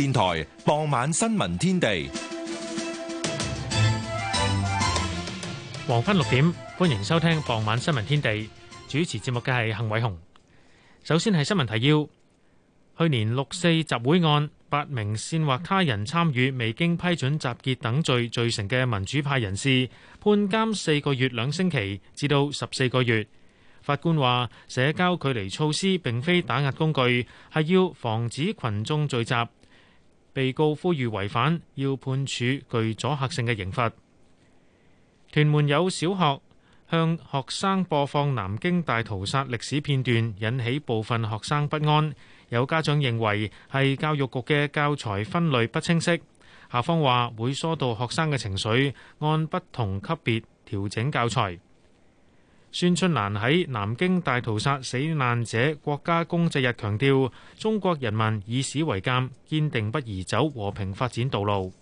電台傍晚新聞天地，黃昏六點，歡迎收聽傍晚新聞天地。主持節目嘅係幸偉雄。首先係新聞提要：去年六四集會案，八名煽惑他人參與未經批准集結等罪，罪成嘅民主派人士判監四個月兩星期至到十四個月。法官話，社交距離措施並非打壓工具，係要防止群眾聚集。被告呼籲違反要判處具阻嚇性嘅刑罰。屯門有小學向學生播放南京大屠殺歷史片段，引起部分學生不安。有家長認為係教育局嘅教材分類不清晰。校方話會疏導學生嘅情緒，按不同級別調整教材。孫春蘭喺南京大屠殺死難者國家公祭日強調，中國人民以史為鑑，堅定不移走和平發展道路。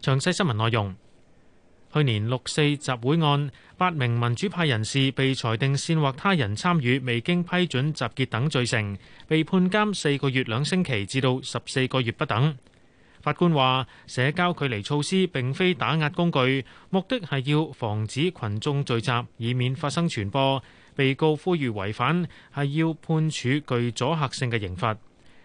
詳細新聞內容，去年六四集會案，八名民主派人士被裁定煽惑他人參與，未經批准集結等罪成，被判監四個月兩星期至到十四個月不等。法官話：社交距離措施並非打壓工具，目的係要防止群眾聚集，以免發生傳播。被告呼籲違反係要判處具阻嚇性嘅刑罰。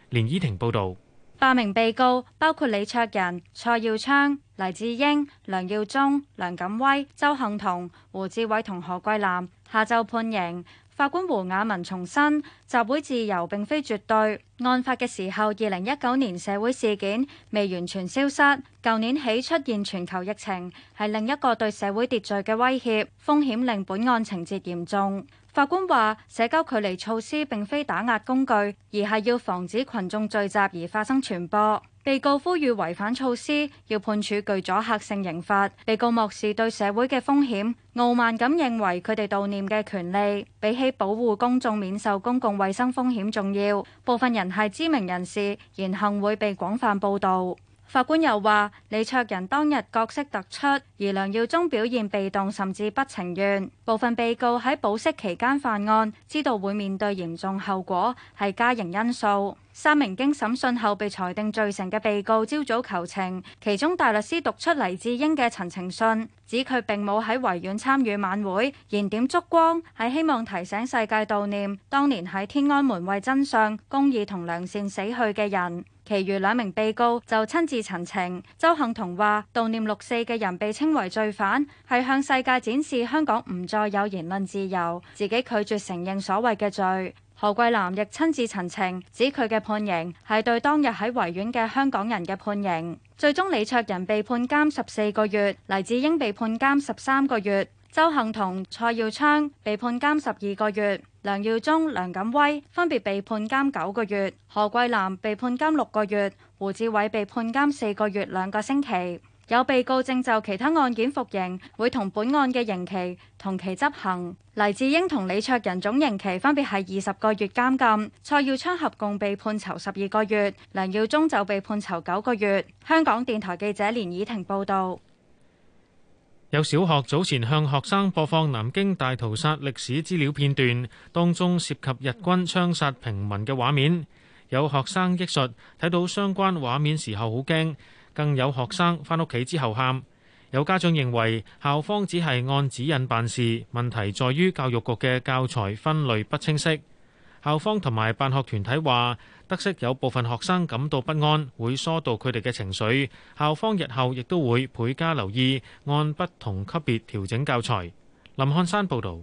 連依婷報導，八名被告包括李卓人、蔡耀昌、黎智英、梁耀忠、梁錦威、鄒幸彤、胡志偉同何桂藍，下晝判刑。法官胡雅文重申，集會自由並非絕對。案發嘅時候，二零一九年社會事件未完全消失，舊年起出現全球疫情，係另一個對社會秩序嘅威脅風險，令本案情節嚴重。法官話，社交距離措施並非打壓工具，而係要防止群眾聚集而發生傳播。被告呼籲違反措施要判處具阻嚇性刑罰。被告漠視對社會嘅風險，傲慢咁認為佢哋悼念嘅權利比起保護公眾免受公共衛生風險重要。部分人係知名人士，言行會被廣泛報道。法官又話，李卓人當日角色突出，而梁耀忠表現被動甚至不情願。部分被告喺保釋期間犯案，知道會面對嚴重後果，係加刑因素。三名經審訊後被裁定罪成嘅被告，朝早求情，其中大律師讀出黎智英嘅陳情信，指佢並冇喺維園參與晚會燃點燭光，係希望提醒世界悼念當年喺天安門為真相、公義同良善死去嘅人。其餘兩名被告就親自陳情。鄒幸彤話：悼念六四嘅人被稱為罪犯，係向世界展示香港唔再有言論自由，自己拒絕承認所謂嘅罪。何桂藍亦親自陳情，指佢嘅判刑係對當日喺維園嘅香港人嘅判刑。最終李卓人被判監十四個月，黎智英被判監十三個月，鄒幸彤、蔡耀昌被判監十二個月，梁耀忠、梁錦威分別被判監九個月，何桂藍被判監六個月，胡志偉被判監四個月兩個星期。有被告正就其他案件服刑，會同本案嘅刑期同期執行。黎智英同李卓人總刑期分別係二十個月監禁，蔡耀昌合共被判囚十二個月，梁耀忠就被判囚九個月。香港電台記者連怡婷報道。有小學早前向學生播放南京大屠殺歷史資料片段，當中涉及日軍槍殺平民嘅畫面，有學生憶述睇到相關畫面時候好驚。更有學生翻屋企之後喊，有家長認為校方只係按指引辦事，問題在於教育局嘅教材分類不清晰。校方同埋辦學團體話，得悉有部分學生感到不安，會疏導佢哋嘅情緒。校方日後亦都會倍加留意，按不同級別調整教材。林漢山報導。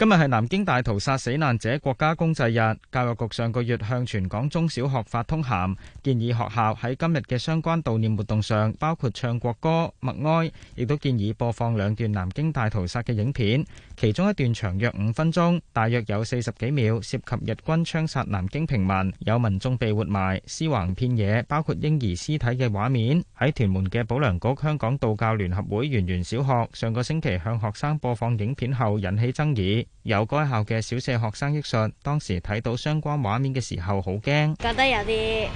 今日係南京大屠殺死難者國家公祭日。教育局上個月向全港中小學發通函，建議學校喺今日嘅相關悼念活動上，包括唱國歌、默哀，亦都建議播放兩段南京大屠殺嘅影片。其中一段長約五分鐘，大約有四十幾秒涉及日軍槍殺南京平民，有民眾被活埋、屍橫遍野，包括嬰兒屍體嘅畫面。喺屯門嘅保良局香港道教聯合會圓圓小學，上個星期向學生播放影片後，引起爭議。由該校嘅小四學生憶述，當時睇到相關畫面嘅時候，好驚，覺得有啲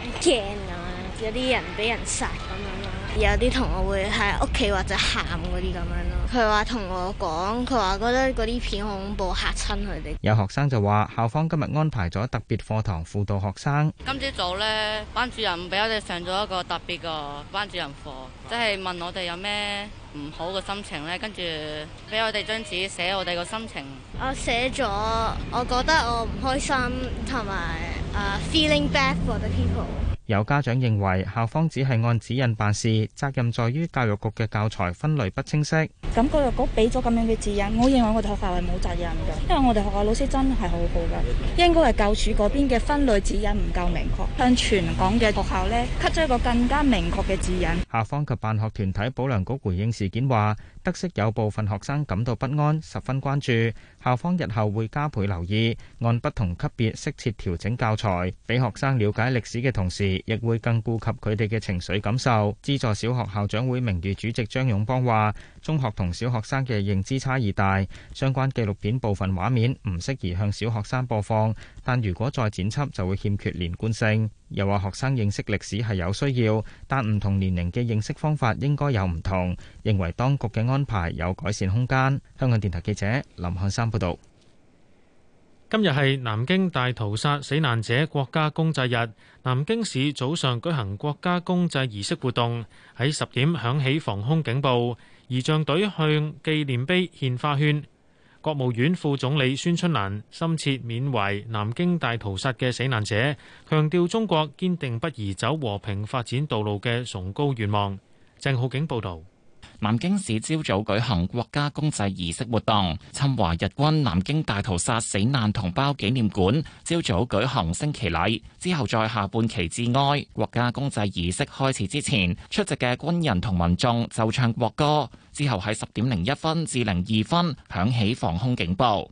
有啲人俾人殺咁樣咯，有啲同學會喺屋企或者喊嗰啲咁樣咯。佢話同我講，佢話覺得嗰啲片恐怖，嚇親佢哋。有學生就話，校方今日安排咗特別課堂輔導學生。今朝早咧，班主任俾我哋上咗一個特別個班主任課，即係問我哋有咩唔好嘅心情咧，跟住俾我哋張紙寫我哋個心情。我寫咗，我覺得我唔開心，同埋誒 feeling bad for the people。有家長認為校方只係按指引辦事，責任在於教育局嘅教材分類不清晰。咁教育局俾咗咁樣嘅指引，我認為我哋學校係冇責任嘅，因為我哋學校老師真係好好嘅，應該係教署嗰邊嘅分類指引唔夠明確，向全港嘅學校呢俾咗一個更加明確嘅指引。校方及辦學團體保良局回應事件話。得悉有部分學生感到不安，十分關注，校方日後會加倍留意，按不同級別適切調整教材，俾學生了解歷史嘅同時，亦會更顧及佢哋嘅情緒感受。資助小學校長會名譽主席張勇邦話。中學同小學生嘅認知差異大，相關紀錄片部分畫面唔適宜向小學生播放。但如果再剪輯，就會欠缺連貫性。又話學生認識歷史係有需要，但唔同年齡嘅認識方法應該有唔同，認為當局嘅安排有改善空間。香港電台記者林漢山報道。今日係南京大屠殺死難者國家公祭日，南京市早上舉行國家公祭儀式活動，喺十點響起防空警報。儀仗隊向紀念碑獻花圈，國務院副總理孫春蘭深切緬懷南京大屠殺嘅死難者，強調中國堅定不移走和平發展道路嘅崇高願望。鄭浩景報道。南京市朝早舉行國家公祭儀式活動，侵華日軍南京大屠殺死難同胞紀念館朝早舉行升旗禮，之後在下半旗致哀。國家公祭儀式開始之前，出席嘅軍人同民眾就唱國歌，之後喺十點零一分至零二分響起防空警報。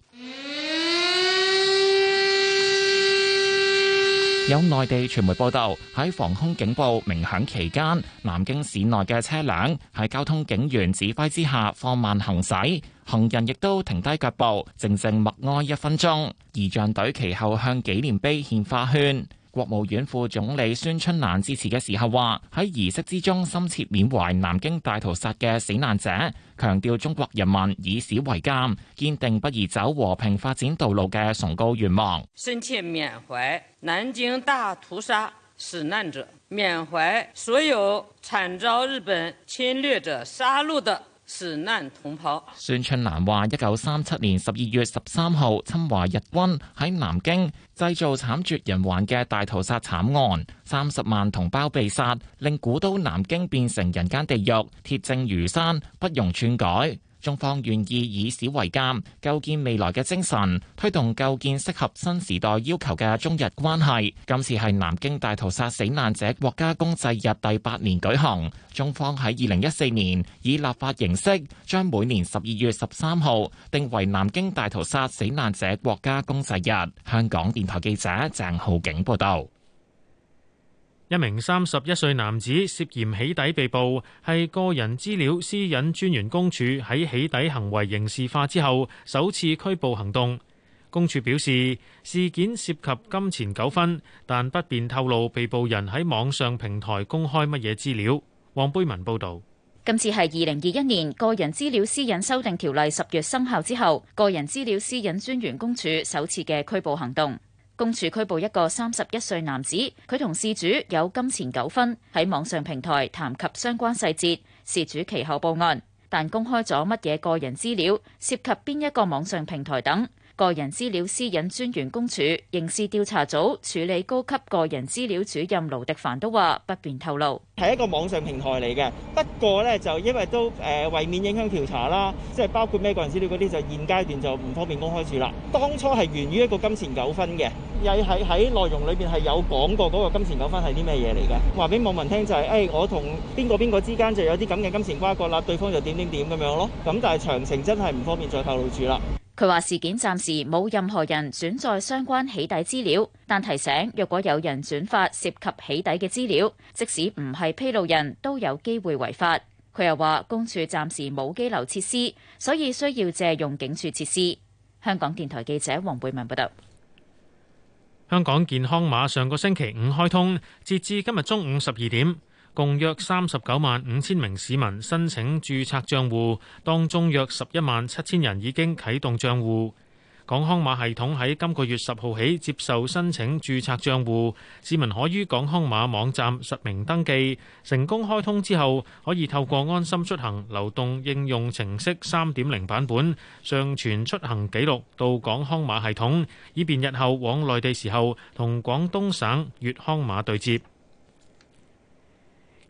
有內地傳媒報道，喺防空警報鳴響期間，南京市內嘅車輛喺交通警員指揮之下放慢行駛，行人亦都停低腳步，靜靜默哀一分鐘。儀仗隊其後向紀念碑獻花圈。國務院副總理孫春蘭致辭嘅時候話：喺儀式之中深切緬懷南京大屠殺嘅死難者，強調中國人民以史為鑒，堅定不移走和平發展道路嘅崇高願望。深切緬懷南京大屠殺死難者，緬懷所有慘遭日本侵略者殺戮的。死難同袍。孫春蘭話，一九三七年十二月十三號，侵華日軍喺南京製造慘絕人寰嘅大屠殺慘案，三十萬同胞被殺，令古都南京變成人間地獄，鐵證如山，不容篡改。中方願意以史為鑒，構建未來嘅精神，推動構建適合新時代要求嘅中日關係。今次係南京大屠殺死難者國家公祭日第八年舉行，中方喺二零一四年以立法形式，將每年十二月十三號定為南京大屠殺死難者國家公祭日。香港電台記者鄭浩景報道。一名三十一歲男子涉嫌起底被捕，係個人資料私隱專員公署喺起底行為刑事化之後首次拘捕行動。公署表示，事件涉及金錢糾紛，但不便透露被捕人喺網上平台公開乜嘢資料。黃貝文報導，今次係二零二一年個人資料私隱修訂條例十月生效之後，個人資料私隱專員公署首次嘅拘捕行動。公署拘捕一個三十一歲男子，佢同事主有金錢糾紛，喺網上平台談及相關細節，事主其後報案，但公開咗乜嘢個人資料，涉及邊一個網上平台等。個人資料私隱專員公署刑事調查組處理高級個人資料主任盧迪凡都話不便透露，係一個網上平台嚟嘅。不過咧，就因為都誒為免影響調查啦，即係包括咩個人資料嗰啲，就現階段就唔方便公開住啦。當初係源於一個金錢糾紛嘅，又係喺內容裏邊係有講過嗰個金錢糾紛係啲咩嘢嚟嘅。話俾網民聽就係誒，我同邊個邊個之間就有啲咁嘅金錢瓜葛啦，對方就點點點咁樣咯。咁但係詳情真係唔方便再透露住啦。佢話事件暫時冇任何人轉載相關起底資料，但提醒若果有人轉發涉及起底嘅資料，即使唔係披露人都有機會違法。佢又話公署暫時冇拘留設施，所以需要借用警署設施。香港電台記者黃貝文報道。香港健康碼上個星期五開通，截至今日中午十二點，共約三十九萬五千名市民申請註冊帳戶，當中約十一萬七千人已經啟動帳戶。港康碼系統喺今個月十號起接受申請註冊帳戶，市民可於港康碼網站實名登記，成功開通之後，可以透過安心出行流動應用程式三點零版本上傳出行記錄到港康碼系統，以便日後往內地時候同廣東省粵康碼對接。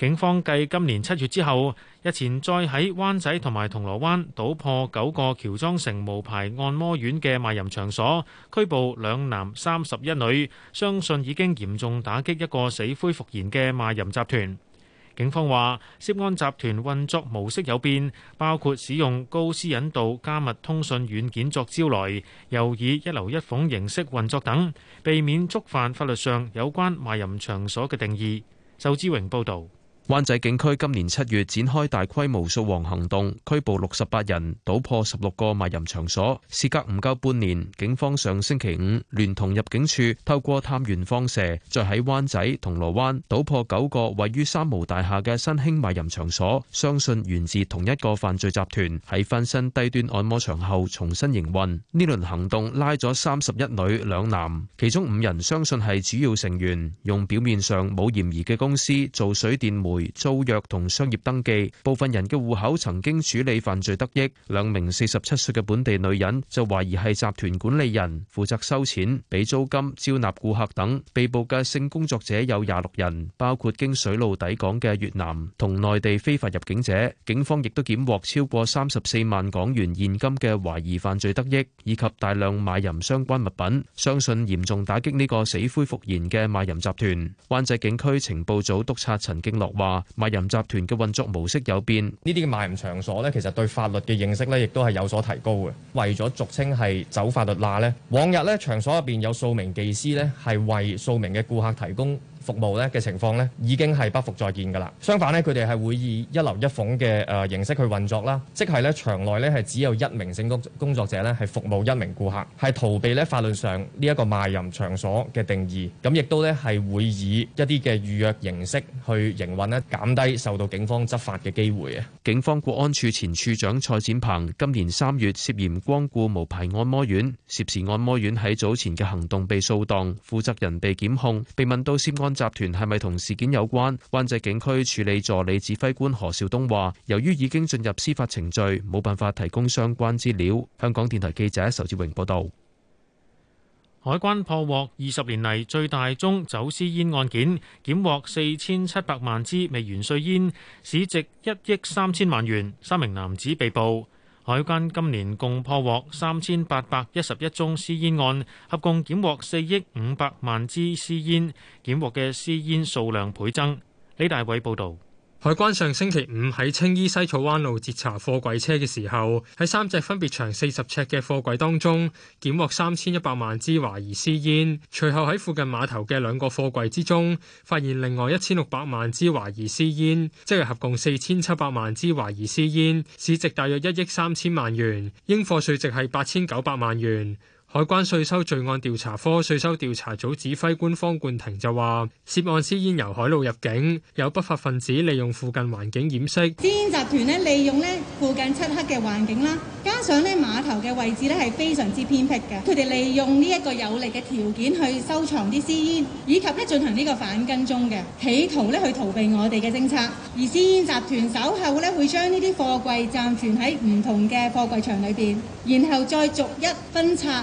警方繼今年七月之後日前再喺灣仔同埋銅鑼灣搗破九個喬裝成無牌按摩院嘅賣淫場所，拘捕兩男三十一女。相信已經嚴重打擊一個死灰復燃嘅賣淫集團。警方話，涉案集團運作模式有變，包括使用高私隱度加密通訊軟件作招來，又以一樓一鳳形式運作等，避免觸犯法律上有關賣淫場所嘅定義。周志榮報導。灣仔警區今年七月展開大規模掃黃行動，拘捕六十八人，搗破十六個賣淫場所。事隔唔夠半年，警方上星期五聯同入境處透過探員放蛇，再喺灣仔銅鑼灣搗破九個位於三毛大廈嘅新興賣淫場所，相信源自同一個犯罪集團喺翻身低端按摩場後重新營運。呢輪行動拉咗三十一女兩男，其中五人相信係主要成員，用表面上冇嫌疑嘅公司做水電租約同商業登記，部分人嘅戶口曾經處理犯罪得益。兩名四十七歲嘅本地女人就懷疑係集團管理人，負責收錢、俾租金、招納顧客等。被捕嘅性工作者有廿六人，包括經水路抵港嘅越南同內地非法入境者。警方亦都檢獲超過三十四萬港元現金嘅懷疑犯罪得益，以及大量賣淫相關物品。相信嚴重打擊呢個死灰復燃嘅賣淫集團。灣仔警區情報組督察陳敬樂話。話賣淫集團嘅運作模式有變，呢啲嘅賣淫場所咧，其實對法律嘅認識咧，亦都係有所提高嘅。為咗俗稱係走法律罅呢，往日咧場所入邊有數名技師咧，係為數名嘅顧客提供服務咧嘅情況咧已經係不復再見㗎啦。相反咧，佢哋係會以一樓一鳳嘅誒形式去運作啦，即係咧場內咧係只有一名性工工作者咧係服務一名顧客，係逃避咧法律上呢一個賣淫場所嘅定義。咁亦都咧係會以一啲嘅預約形式去營運咧，減低受到警方執法嘅機會啊。警方國安處前處長蔡展鵬今年三月涉嫌光顧無牌按摩院，涉事按摩院喺早前嘅行動被掃蕩，負責人被檢控，被問到涉案。集團係咪同事件有關？灣仔警區處理助理，助理指揮官何兆東話：由於已經進入司法程序，冇辦法提供相關資料。香港電台記者仇志榮報道：海關破獲二十年嚟最大宗走私煙案件，檢獲四千七百萬支未完稅煙，市值一億三千萬元，三名男子被捕。海關今年共破獲三千八百一十一宗私煙案，合共檢獲四億五百萬支私煙，檢獲嘅私煙數量倍增。李大偉報道。海關上星期五喺青衣西草灣路截查貨櫃車嘅時候，喺三隻分別長四十尺嘅貨櫃當中，檢獲三千一百萬支懷疑私煙，隨後喺附近碼頭嘅兩個貨櫃之中，發現另外一千六百萬支懷疑私煙，即係合共四千七百萬支懷疑私煙，市值大約一億三千萬元，應貨稅值係八千九百萬元。海關稅收罪案調查科稅收調查組指揮官方冠廷就話：涉案私煙由海路入境，有不法分子利用附近環境掩飾。私煙集團咧利用咧附近漆黑嘅環境啦，加上咧碼頭嘅位置咧係非常之偏僻嘅，佢哋利用呢一個有利嘅條件去收藏啲私煙，以及咧進行呢個反跟蹤嘅，企圖咧去逃避我哋嘅偵查。而私煙集團稍後咧會將呢啲貨櫃暫存喺唔同嘅貨櫃場裏邊，然後再逐一分拆。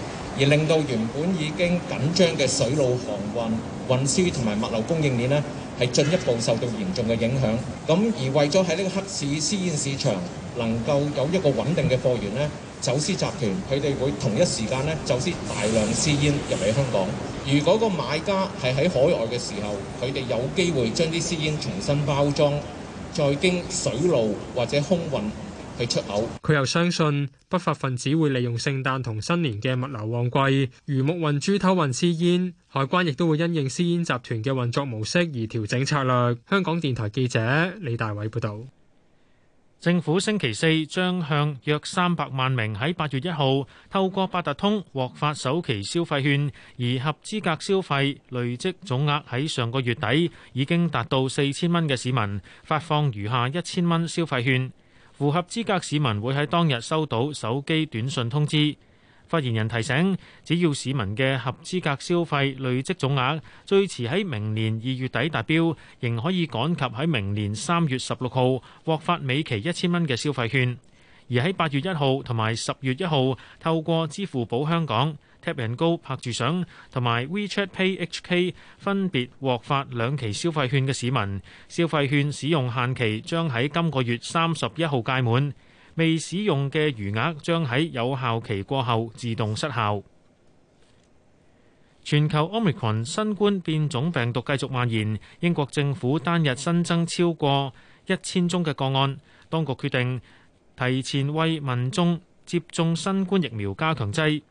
而令到原本已經緊張嘅水路航運、運輸同埋物流供應鏈呢，係進一步受到嚴重嘅影響。咁而為咗喺呢個黑市私煙市場能夠有一個穩定嘅貨源呢，走私集團佢哋會同一時間呢走私大量私煙入嚟香港。如果個買家係喺海外嘅時候，佢哋有機會將啲私煙重新包裝，再經水路或者空運。佢又相信不法分子會利用聖誕同新年嘅物流旺季，魚目混珠偷運私煙，海關亦都會因應私煙集團嘅運作模式而調整策略。香港電台記者李大偉報道。政府星期四將向約三百萬名喺八月一號透過八達通獲發首期消費券，而合資格消費累積總額喺上個月底已經達到四千蚊嘅市民，發放餘下一千蚊消費券。符合資格市民會喺當日收到手機短信通知。發言人提醒，只要市民嘅合資格消費累積總額最遲喺明年二月底達標，仍可以趕及喺明年三月十六號獲發尾期一千蚊嘅消費券。而喺八月一號同埋十月一號，透過支付寶香港、Tap & Go 拍住賞，同埋 WeChat Pay HK 分別獲發兩期消費券嘅市民，消費券使用限期將喺今個月三十一號屆滿，未使用嘅餘額將喺有效期過後自動失效。全球 Omicron 新冠變種病毒繼續蔓延，英國政府單日新增超過一千宗嘅個案，當局決定提前為民眾接種新冠疫苗加強劑。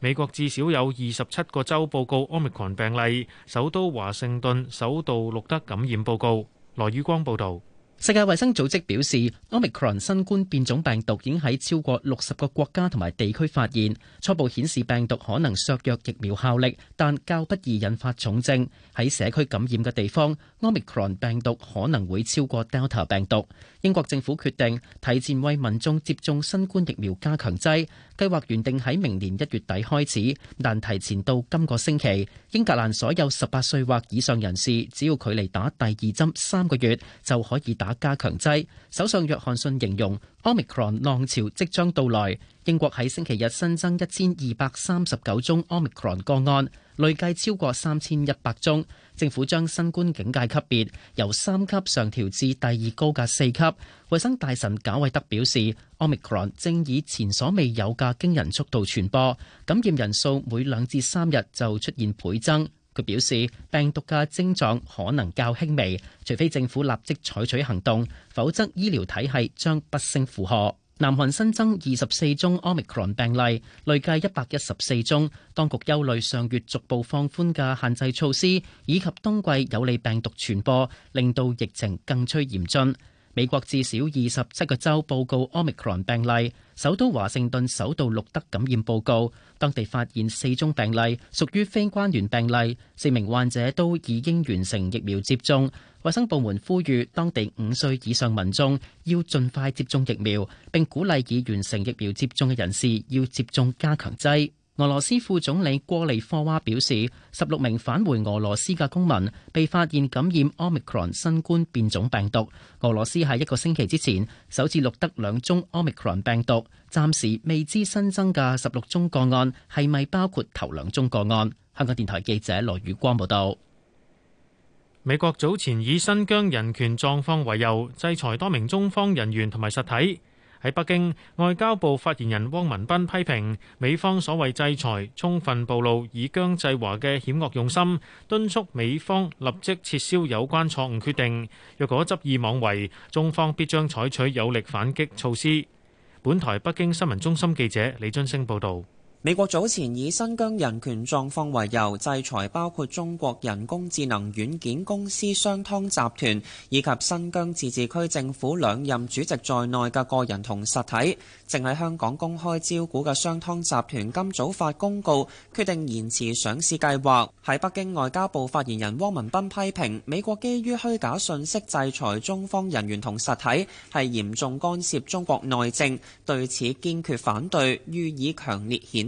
美國至少有二十七個州報告 Omicron 病例，首都華盛頓首度錄得感染報告。羅宇光報導。世界衛生組織表示，Omicron 新冠變種病毒已經喺超過六十個國家同埋地區發現，初步顯示病毒可能削弱疫苗效力，但較不易引發重症。喺社區感染嘅地方，Omicron 病毒可能會超過 Delta 病毒。英國政府決定提前為民眾接種新冠疫苗加強劑，計劃原定喺明年一月底開始，但提前到今個星期。英格蘭所有十八歲或以上人士，只要距離打第二針三個月就可以打加強劑。首相約翰遜形容，Omicron 浪潮即將到來。英國喺星期日新增一千二百三十九宗 Omicron 個案，累計超過三千一百宗。政府將新冠警戒級別由三級上調至第二高嘅四級。衛生大臣賈偉德表示，Omicron 正以前所未有嘅驚人速度傳播，感染人數每兩至三日就出現倍增。佢表示，病毒嘅症狀可能較輕微，除非政府立即採取行動，否則醫療體系將不勝負荷。南韓新增二十四宗 Omicron 病例，累計一百一十四宗。當局憂慮上月逐步放寬嘅限制措施，以及冬季有利病毒傳播，令到疫情更趨嚴峻。美國至少二十七個州報告 Omicron 病例，首都華盛頓首度錄得感染報告，當地發現四宗病例，屬於非關聯病例，四名患者都已經完成疫苗接種。衛生部門呼籲當地五歲以上民眾要盡快接種疫苗，並鼓勵已完成疫苗接種嘅人士要接種加強劑。俄羅斯副總理郭利科娃表示，十六名返回俄羅斯嘅公民被發現感染 Omicron 新冠變種病毒。俄羅斯喺一個星期之前首次錄得兩宗 Omicron 病毒，暫時未知新增嘅十六宗個案係咪包括頭兩宗個案。香港電台記者羅宇光報道。美國早前以新疆人權狀況為由制裁多名中方人員同埋實體。喺北京，外交部發言人汪文斌批評美方所謂制裁，充分暴露以疆制華嘅險惡用心，敦促美方立即撤銷有關錯誤決定。若果執意妄為，中方必將採取有力反擊措施。本台北京新聞中心記者李津升報道。美國早前以新疆人權狀況為由制裁，包括中國人工智能軟件公司商湯集團以及新疆自治區政府兩任主席在內嘅個人同實體。正喺香港公開招股嘅商湯集團今早發公告，決定延遲上市計劃。喺北京，外交部發言人汪文斌批評美國基於虛假信息制裁中方人員同實體，係嚴重干涉中國內政，對此堅決反對，予以強烈譴。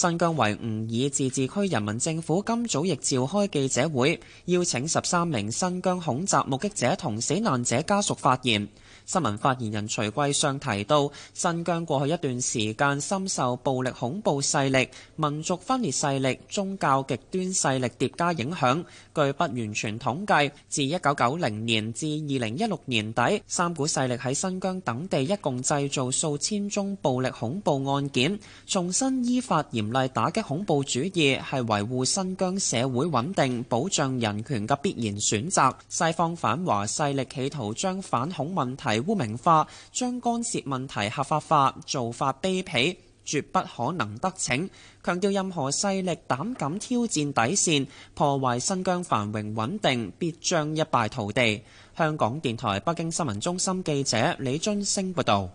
新疆維吾爾自治區人民政府今早亦召開記者會，邀請十三名新疆恐襲目擊者同死難者家屬發言。新聞發言人徐桂上提到,新疆過去一段時間深受暴力恐怖勢力,民族分裂勢力,宗教極端勢力疊加影響。據不完全統計,自1990年至2016年底,三股勢力喺新疆等地一共製造數千宗暴力恐怖案件。重新依法嚴厲打擊恐怖主義,係維護新疆社會穩定,保障人權嘅必然選擇,西方反華勢力企圖將反恐問題污名化，將干涉問題合法化，做法卑鄙，絕不可能得逞。強調任何勢力膽敢挑戰底線，破壞新疆繁榮穩定，必將一敗塗地。香港電台北京新聞中心記者李津生報道。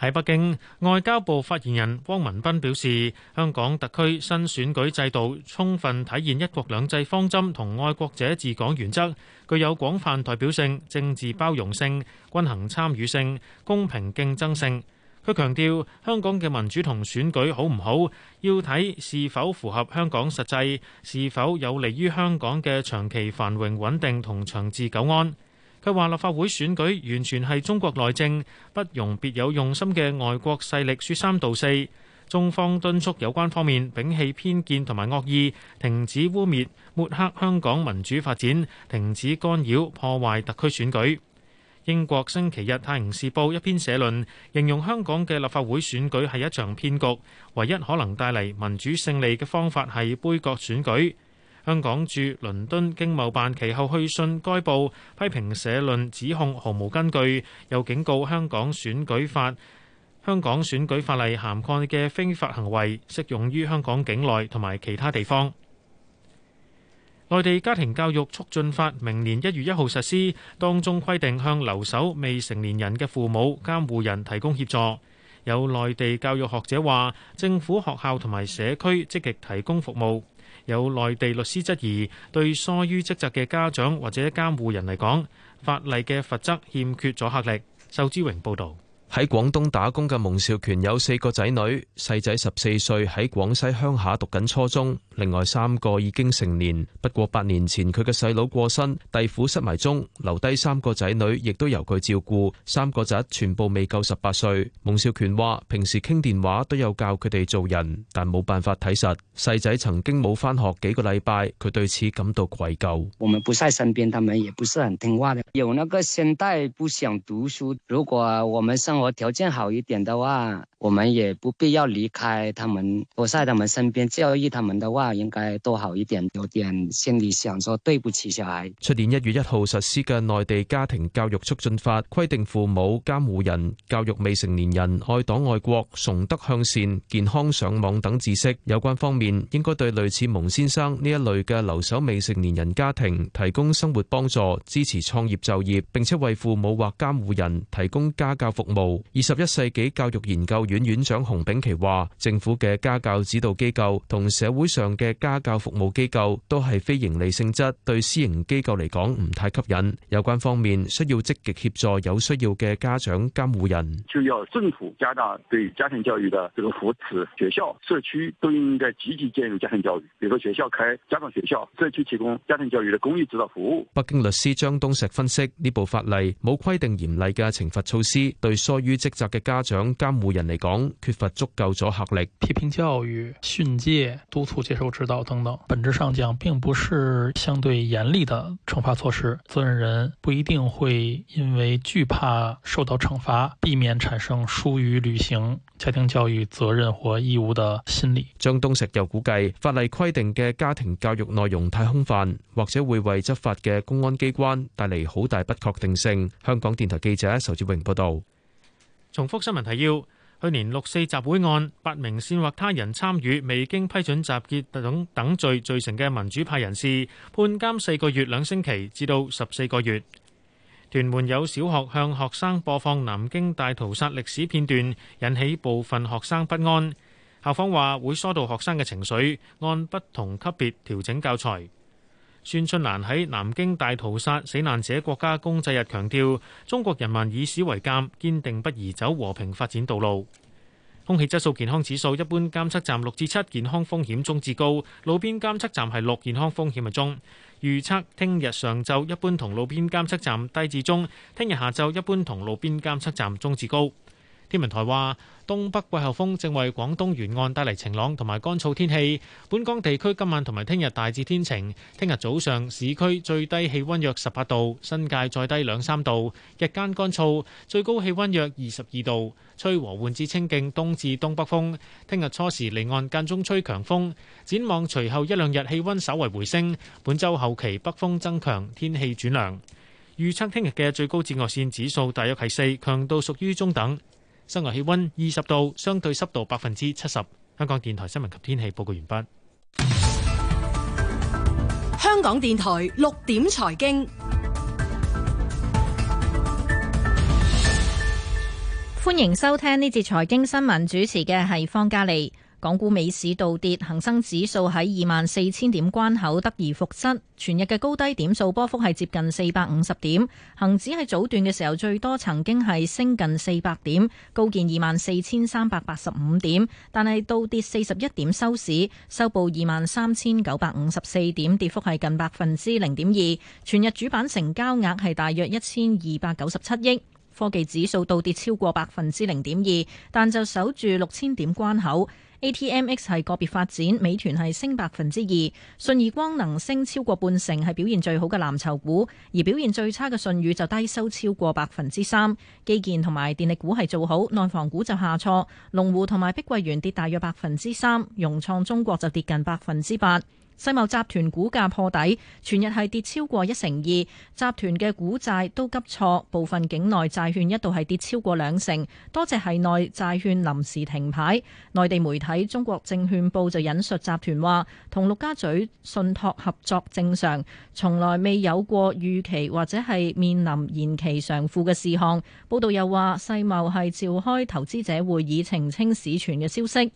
喺北京，外交部發言人汪文斌表示，香港特區新選舉制度充分體現一國兩制方針同愛國者治港原則，具有廣泛代表性、政治包容性、均衡參與性、公平競爭性。佢強調，香港嘅民主同選舉好唔好，要睇是否符合香港實際，是否有利於香港嘅長期繁榮穩定同長治久安。佢話：立法會選舉完全係中國內政，不容別有用心嘅外國勢力説三道四。中方敦促有關方面摒棄偏見同埋惡意，停止污蔑、抹黑香港民主發展，停止干擾、破壞特區選舉。英國星期日《泰晤士報》一篇社論形容香港嘅立法會選舉係一場騙局，唯一可能帶嚟民主勝利嘅方法係杯葛選舉。香港駐倫敦經貿辦其後去信該報，批評社論指控毫無根據，又警告香港選舉法香港選舉法例涵蓋嘅非法行為適用於香港境內同埋其他地方。內地家庭教育促進法明年一月一號實施，當中規定向留守未成年人嘅父母監護人提供協助。有內地教育學者話，政府學校同埋社區積極提供服務。有內地律師質疑，對疏於職責嘅家長或者監護人嚟講，法例嘅罰則欠缺咗嚇力。仇志榮報導。喺廣東打工嘅蒙少權有四個仔女，細仔十四歲喺廣西鄉下讀緊初中，另外三個已經成年。不過八年前佢嘅細佬過身，弟婦失迷蹤，留低三個仔女，亦都由佢照顧。三個仔全部未夠十八歲。蒙少權話：平時傾電話都有教佢哋做人，但冇辦法睇實。細仔曾經冇返學幾個禮拜，佢對此感到愧疚。我們不在身邊，他們也不是很聽話嘅，有那個心態不想讀書。如果我們生活如果條件好一點的話，我們也不必要離開他們。我在他們身邊教育他們的話，應該多好一點。有點心裏想說對不起小孩。出年一月一號實施嘅內地家庭教育促進法規定，父母監護人教育未成年人愛黨愛國、崇德向善、健康上網等知識。有關方面應該對類似蒙先生呢一類嘅留守未成年人家庭提供生活幫助、支持創業就業，並且為父母或監護人提供家教服務。二十一世紀教育研究院院長熊丙奇話：政府嘅家教指導機構同社會上嘅家教服務機構都係非營利性質，對私營機構嚟講唔太吸引。有關方面需要積極協助有需要嘅家長監護人。需要政府加大對家庭教育的這個扶持，學校、社區都應該積極介入家庭教育，比如學校開家長學校，社區提供家庭教育嘅公益指導服務。北京律師張東石分析呢部法例冇規定嚴厲嘅懲罰措施，對對於職責嘅家長監護人嚟講，缺乏足夠阻嚇力、批評、教育、訓誡、督促、接受指導等等，本質上講，並不是相對嚴厲的懲罰措施。責任人不一定會因為懼怕受到懲罰，避免產生疏於履行家庭教育責任或義務的心理。張東石又估計，法例規定嘅家庭教育內容太空泛，或者會為執法嘅公安機關帶嚟好大不確定性。香港電台記者仇志榮報道。重複新聞提要：去年六四集會案，八名煽惑他人參與未經批准集結等等罪罪成嘅民主派人士判監四個月兩星期至到十四個月。屯門有小學向學生播放南京大屠殺歷史片段，引起部分學生不安。校方話會疏導學生嘅情緒，按不同級別調整教材。孫春蘭喺南京大屠殺死難者國家公祭日強調，中國人民以史為鑑，堅定不移走和平發展道路。空氣質素健康指數，一般監測站六至七，健康風險中至高；路邊監測站係六，健康風險係中。預測聽日上晝一般同路邊監測站低至中，聽日下晝一般同路邊監測站中至高。天文台話，東北季候風正為廣東沿岸帶嚟晴朗同埋乾燥天氣。本港地區今晚同埋聽日大致天晴，聽日早上市區最低氣温約十八度，新界再低兩三度，日間乾燥，最高氣温約二十二度，吹和緩至清勁東至東北風。聽日初時離岸間中吹強風。展望隨後一兩日氣温稍為回升，本週後期北風增強，天氣轉涼。預測聽日嘅最高紫外線指數大約係四，強度屬於中等。室外氣溫二十度，相對濕度百分之七十。香港電台新聞及天氣報告完畢。香港電台六點財經，歡迎收聽呢節財經新聞，主持嘅係方嘉利。港股、尾市倒跌，恒生指數喺二萬四千點關口得而復失，全日嘅高低點數波幅係接近四百五十點。恒指喺早段嘅時候最多曾經係升近四百點，高見二萬四千三百八十五點，但係倒跌四十一點收市，收報二萬三千九百五十四點，跌幅係近百分之零點二。全日主板成交額係大約一千二百九十七億。科技指數倒跌超過百分之零點二，但就守住六千點關口。A T M X 係個別發展，美團係升百分之二，信義光能升超過半成，係表現最好嘅藍籌股。而表現最差嘅舜宇就低收超過百分之三。基建同埋電力股係做好，內房股就下挫，龍湖同埋碧桂園跌大約百分之三，融創中國就跌近百分之八。世茂集團股價破底，全日係跌超過一成二，集團嘅股債都急挫，部分境內債券一度係跌超過兩成，多隻境內債券臨時停牌。內地媒體《中國證券報》就引述集團話，同陸家嘴信託合作正常，從來未有過預期或者係面臨延期償付嘅事項。報道又話，世茂係召開投資者會議澄清市傳嘅消息。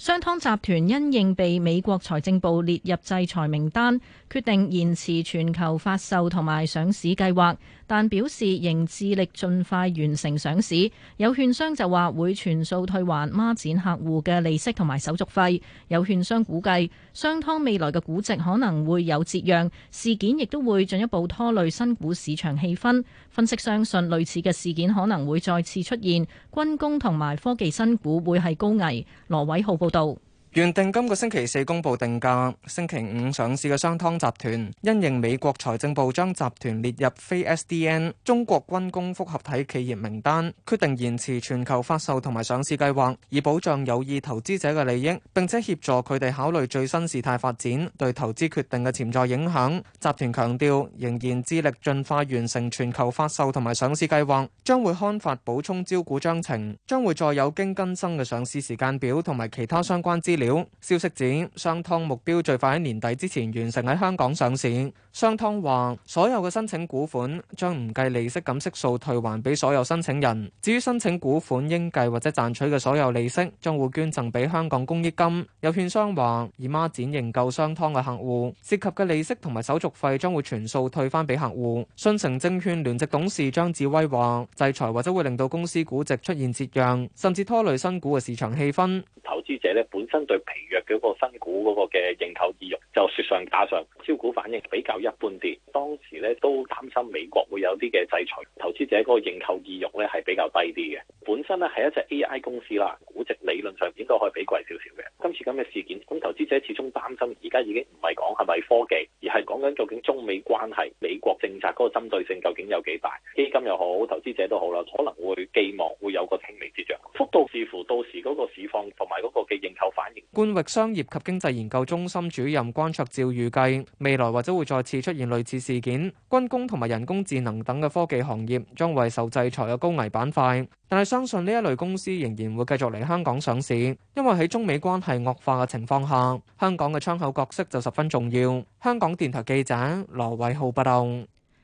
商湯集團因應被美國財政部列入制裁名單，決定延遲全球發售同埋上市計劃。但表示仍致力盡快完成上市。有券商就話會全數退還孖展客戶嘅利息同埋手續費，有券商估計商湯未來嘅估值可能會有折讓，事件亦都會進一步拖累新股市場氣氛。分析相信類似嘅事件可能會再次出現，軍工同埋科技新股會係高危。羅偉浩報道。原定今個星期四公佈定價，星期五上市嘅商湯集團，因應美國財政部將集團列入非 SDN 中國軍工複合體企業名單，決定延遲全球發售同埋上市計劃，以保障有意投資者嘅利益，並且協助佢哋考慮最新事態發展對投資決定嘅潛在影響。集團強調仍然致力盡快完成全球發售同埋上市計劃，將會刊發補充招股章程，將會載有經更新嘅上市時間表同埋其他相關資料。料消息指，商湯目標最快喺年底之前完成喺香港上市。商湯話所有嘅申請股款將唔計利息噉息數退還俾所有申請人。至於申請股款應計或者賺取嘅所有利息，將會捐贈俾香港公益金。有券商話以孖展認購商湯嘅客戶涉及嘅利息同埋手續費將會全數退翻俾客戶。信誠證券聯席董事張志威話制裁或者會令到公司估值出現折讓，甚至拖累新股嘅市場氣氛。投資者呢本身。對疲弱嘅一個新股嗰個嘅認購意欲，就雪上加霜，招股反應比較一般啲，當時咧都擔心美國會有啲嘅制裁，投資者嗰個認購意欲咧係比較低啲嘅。本身咧係一隻 AI 公司啦。估值理論上應該可以比貴少少嘅。今次咁嘅事件，咁投資者始終擔心，而家已經唔係講係咪科技，而係講緊究竟中美關係、美國政策嗰個針對性究竟有幾大？基金又好，投資者都好啦，可能會寄望會有個輕微之象，幅度視乎到時嗰個市況同埋嗰個嘅認購反應。冠域商業及經濟研究中心主任關卓照預計，未來或者會再次出現類似事件。軍工同埋人工智能等嘅科技行業將為受制裁嘅高危板塊，但係相信呢一類公司仍然會繼續嚟香港上市，因為喺中美關係惡化嘅情況下，香港嘅窗口角色就十分重要。香港電台記者羅偉浩報道，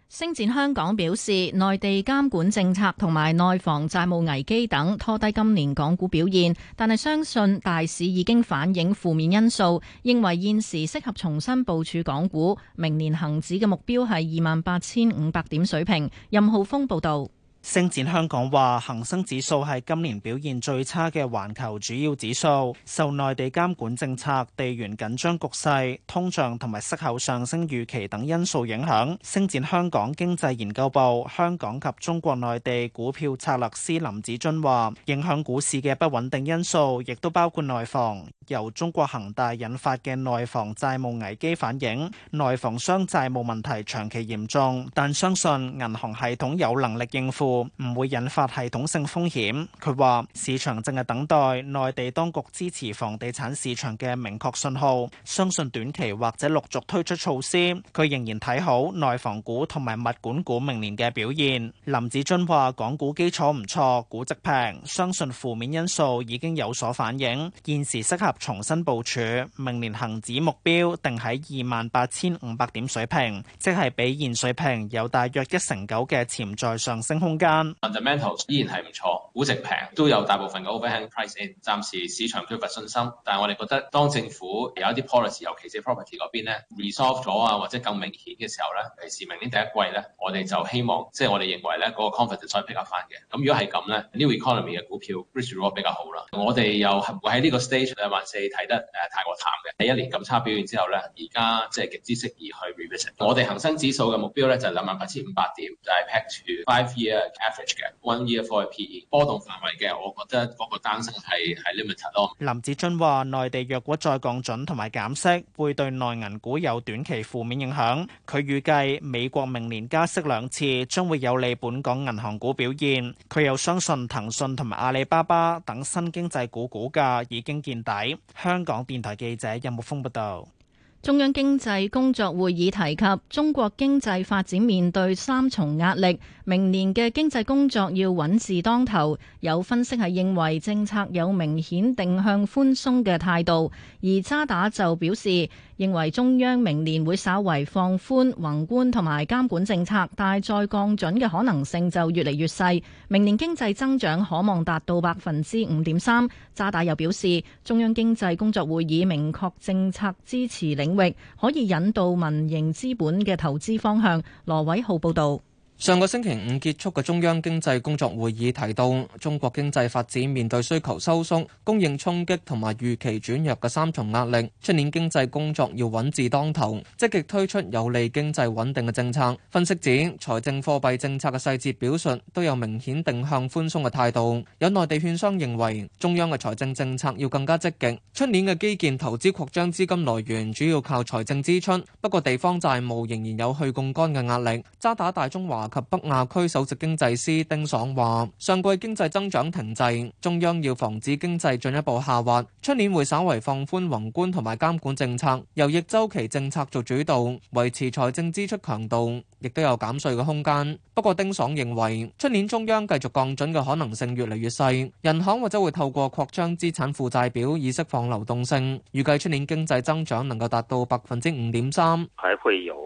星展香港表示，內地監管政策同埋內房債務危機等拖低今年港股表現，但係相信大市已經反映負面因素，認為現時適合重新部署港股。明年恒指嘅目標係二萬八千五百點水平。任浩峰報道。星展香港話，恒生指數係今年表現最差嘅環球主要指數，受內地監管政策、地緣緊張局勢、通脹同埋息口上升預期等因素影響。星展香港經濟研究部香港及中國內地股票策略師林子俊話，影響股市嘅不穩定因素，亦都包括內房由中國恒大引發嘅內房債務危機反映，內房商債務問題長期嚴重，但相信銀行系統有能力應付。唔會引發系統性風險。佢話市場正係等待內地當局支持房地產市場嘅明確信號，相信短期或者陸續推出措施。佢仍然睇好內房股同埋物管股明年嘅表現。林子津話：港股基礎唔錯，估值平，相信負面因素已經有所反映，現時適合重新部署。明年恒指目標定喺二萬八千五百點水平，即係比現水平有大約一成九嘅潛在上升空間。fundamentals 依然係唔錯，估值平都有大部分嘅 overhang price in。暫時市場缺乏信心，但係我哋覺得當政府有一啲 policy，尤其是 property 嗰邊咧 resolve 咗啊，或者更明顯嘅時候咧，尤其是明年第一季咧，我哋就希望即係、就是、我哋認為咧嗰、那個 confidence 再 pick up 翻嘅。咁如果係咁咧，new economy 嘅股票 risk growth 比較好啦。我哋又唔會喺呢個 stage 還是睇得誒、呃、太過淡嘅。喺一年咁差表現之後咧，極而家即係極之適宜去 revisit。我哋恒生指數嘅目標咧就係兩萬八千五百點，就係、是、pack to five year。average 嘅 one year four 嘅 PE 波動範圍嘅，我覺得嗰個單身係係 limiter 咯。林子俊話，內地若果再降準同埋減息，會對內銀股有短期負面影響。佢預計美國明年加息兩次，將會有利本港銀行股表現。佢又相信騰訊同埋阿里巴巴等新經濟股股價已經見底。香港電台記者任木峰報道。中央經濟工作會議提及中國經濟發展面對三重壓力，明年嘅經濟工作要穩字當頭。有分析係認為政策有明顯定向寬鬆嘅態度，而渣打就表示，認為中央明年會稍為放寬宏觀同埋監管政策，但係再降準嘅可能性就越嚟越細。明年經濟增長可望達到百分之五點三。渣打又表示，中央經濟工作會議明確政策支持領域，可以引導民營資本嘅投資方向。羅偉浩報道。上個星期五結束嘅中央經濟工作會議提到，中國經濟發展面對需求收縮、供應衝擊同埋預期轉弱嘅三重壓力，出年經濟工作要穩字當頭，積極推出有利經濟穩定嘅政策。分析指，財政貨幣政策嘅細節表述都有明顯定向寬鬆嘅態度。有內地券商認為，中央嘅財政政策要更加積極，出年嘅基建投資擴張資金來源主要靠財政支出，不過地方債務仍然有去槓桿嘅壓力。渣打大中華及北亞區首席經濟師丁爽話，上季經濟增長停滯，中央要防止經濟進一步下滑，出年會稍為放寬宏觀同埋監管政策，由逆周期政策做主導，維持財政支出強度，亦都有減稅嘅空間。不過，丁爽認為出年中央繼續降準嘅可能性越嚟越細，人行或者會透過擴張資產負債表以釋放流動性。預計出年經濟增長能夠達到百分之五點三。還會有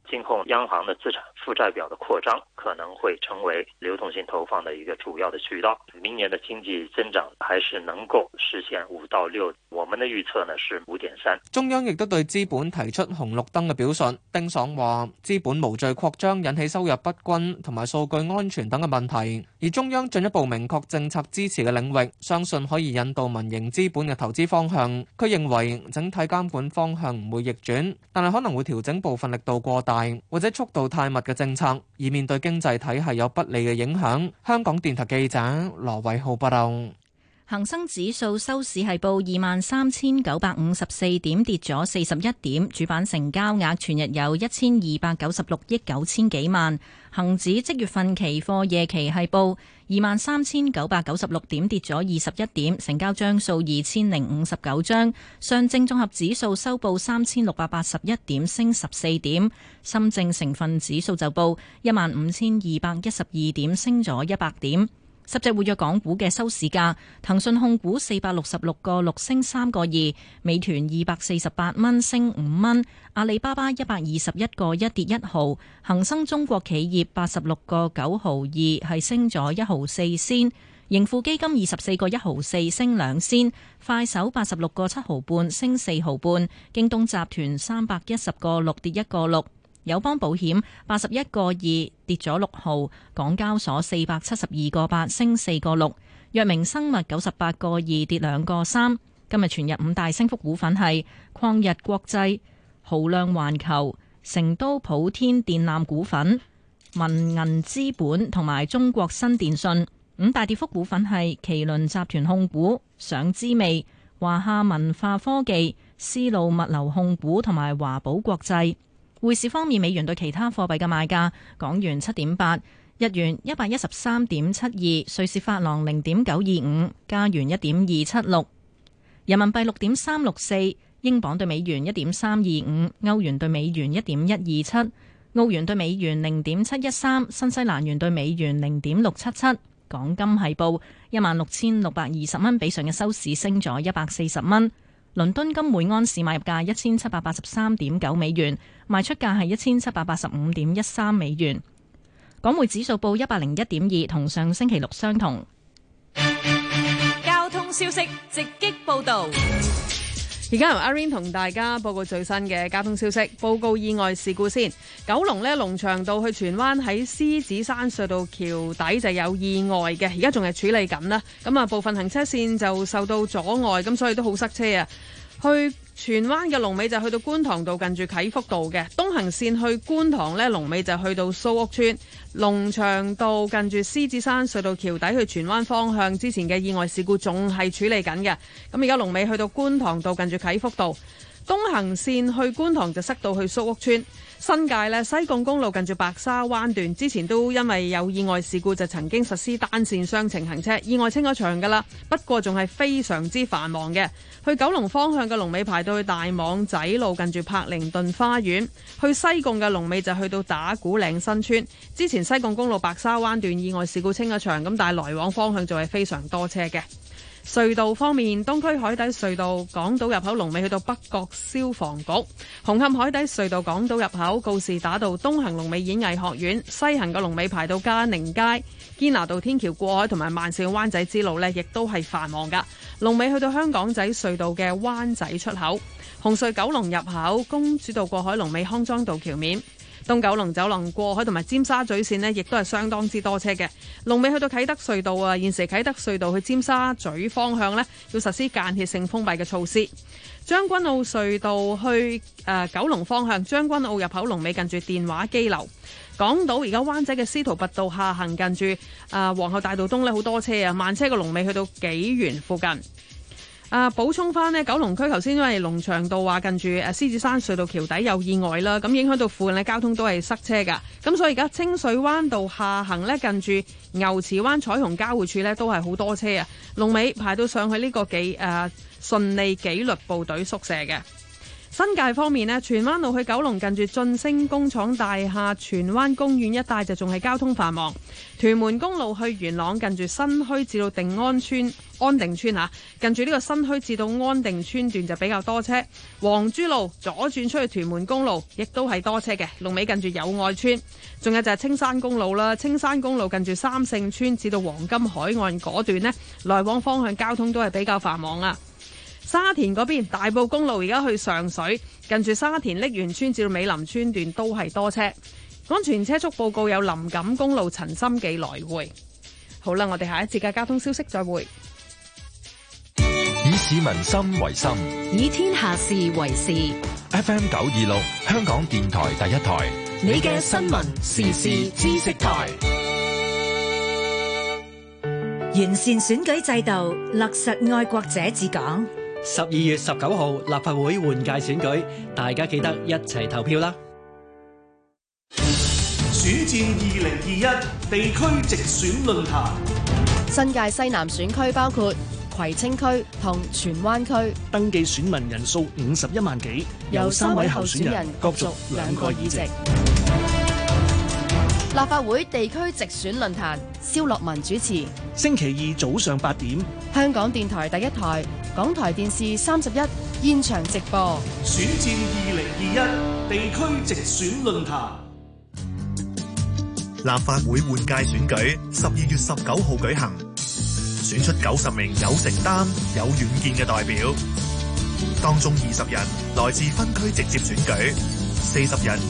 監控央行的資產負債表的擴張可能會成為流動性投放的一個主要的渠道。明年的經濟增長還是能夠實現五到六，我們的預測呢是五點三。中央亦都對資本提出紅綠燈嘅表述，丁爽話：資本無序擴張引起收入不均同埋數據安全等嘅問題。而中央進一步明確政策支持嘅領域，相信可以引導民營資本嘅投資方向。佢認為整體監管方向唔會逆轉，但係可能會調整部分力度過大或者速度太密嘅政策，以免對經濟體系有不利嘅影響。香港電台記者羅偉浩報道，恒生指數收市係報二萬三千九百五十四點，跌咗四十一點。主板成交額全日有一千二百九十六億九千幾萬。恒指即月份期貨夜期係報。二萬三千九百九十六點，跌咗二十一點，成交張數二千零五十九張。上證綜合指數收報三千六百八十一點，升十四點。深證成分指數就報一萬五千二百一十二點，升咗一百點。十隻活躍港股嘅收市價：騰訊控股四百六十六個六升三個二，美團二百四十八蚊升五蚊，阿里巴巴一百二十一個一跌一毫，恒生中國企業八十六個九毫二係升咗一毫四仙，盈富基金二十四個一毫四升兩仙，快手八十六個七毫半升四毫半，京東集團三百一十個六跌一個六。友邦保險八十一個二跌咗六毫，港交所四百七十二個八升四個六，藥明生物九十八個二跌兩個三。今日全日五大升幅股份係礦日國際、豪量環球、成都普天電纜股份、民銀資本同埋中國新電信。五大跌幅股份係麒麟集團控股、上知味、華夏文化科技、絲路物流控股同埋華寶國際。匯市方面，美元對其他貨幣嘅賣價：港元七點八，日元一百一十三點七二，瑞士法郎零點九二五，加元一點二七六，人民幣六點三六四，英鎊對美元一點三二五，歐元對美元一點一二七，澳元對美元零點七一三，新西蘭元對美元零點六七七。港金係報一萬六千六百二十蚊，16，比上日收市升咗一百四十蚊。倫敦金每安士買入價一千七百八十三點九美元，賣出價係一千七百八十五點一三美元。港匯指數報一百零一點二，同上星期六相同。交通消息直擊報道。而家由阿 rain 同大家報告最新嘅交通消息。報告意外事故先，九龍咧龍翔道去荃灣喺獅子山隧道橋底就有意外嘅，而家仲係處理緊啦。咁啊，部分行車線就受到阻礙，咁所以都好塞車啊。去荃灣嘅龍尾就去到觀塘道近住啟福道嘅，東行綫去觀塘呢，龍尾就去到蘇屋村龍翔道近住獅子山隧道橋底去荃灣方向，之前嘅意外事故仲係處理緊嘅。咁而家龍尾去到觀塘道近住啟福道，東行綫去觀塘就塞到去蘇屋村。新界咧，西貢公路近住白沙灣段，之前都因為有意外事故就曾經實施單線雙程行車，意外清咗場㗎喇，不過仲係非常之繁忙嘅。去九龍方向嘅龍尾排到去大網仔路近住柏靈頓花園，去西貢嘅龍尾就去到打鼓嶺新村。之前西貢公路白沙灣段意外事故清咗場，咁但係來往方向就係非常多車嘅。隧道方面，東區海底隧道港島入口龍尾去到北角消防局；紅磡海底隧道港島入口告士打道東行龍尾演藝學院，西行嘅龍尾排到嘉寧街；堅拿道天橋過海同埋萬勝灣仔之路呢，亦都係繁忙㗎。龍尾去到香港仔隧道嘅灣仔出口；紅隧九龍入口公主道過海龍尾康莊道橋面。東九龍走廊過海同埋尖沙咀線咧，亦都係相當之多車嘅。龍尾去到啟德隧道啊，現時啟德隧道去尖沙咀方向咧，要實施間歇性封閉嘅措施。將軍澳隧道去誒、呃、九龍方向，將軍澳入口龍尾近住電話機樓。港島而家灣仔嘅司徒拔道下行近住誒、呃、皇后大道東咧，好多車啊，慢車嘅龍尾去到紀元附近。啊，補充翻咧，九龍區頭先因為龍翔道話近住誒獅子山隧道橋底有意外啦，咁影響到附近嘅交通都係塞車噶。咁所以而家清水灣道下行咧，近住牛池灣彩虹交匯處咧，都係好多車啊。龍尾排到上去呢個紀誒、啊、順利紀律部隊宿舍嘅。新界方面咧，荃灣路去九龍近住晉升工廠大廈、荃灣公園一帶就仲係交通繁忙。屯門公路去元朗近住新墟至到定安村。安定村吓，近住呢個新墟至到安定村段就比較多車。黃珠路左轉出去屯門公路，亦都係多車嘅。龍尾近住友愛村，仲有就係青山公路啦。青山公路近住三聖村至到黃金海岸嗰段呢，來往方向交通都係比較繁忙啊。沙田嗰邊大埔公路而家去上水，近住沙田瀝源村至到美林村段都係多車。安全車速報告有林錦公路、陳心記來回。好啦，我哋下一節嘅交通消息再會。以民心為心，以天下事為事。FM 九二六，香港電台第一台，你嘅新聞、時事、知識台。完善選舉制度，落實愛國者治港。十二月十九號立法會換屆選舉，大家記得一齊投票啦！選戰二零二一地區直選論壇，新界西南選區包括。葵青區同荃灣區登記選民人數五十一萬幾，由三位候選人角逐兩個議席。立法會地區直選論壇，蕭樂文主持。星期二早上八點，香港電台第一台、港台電視三十一現場直播。選戰二零二一地區直選論壇。立法會換屆選舉十二月十九號舉行。選出九十名有承擔、有遠見嘅代表，當中二十人來自分區直接選舉，四十人。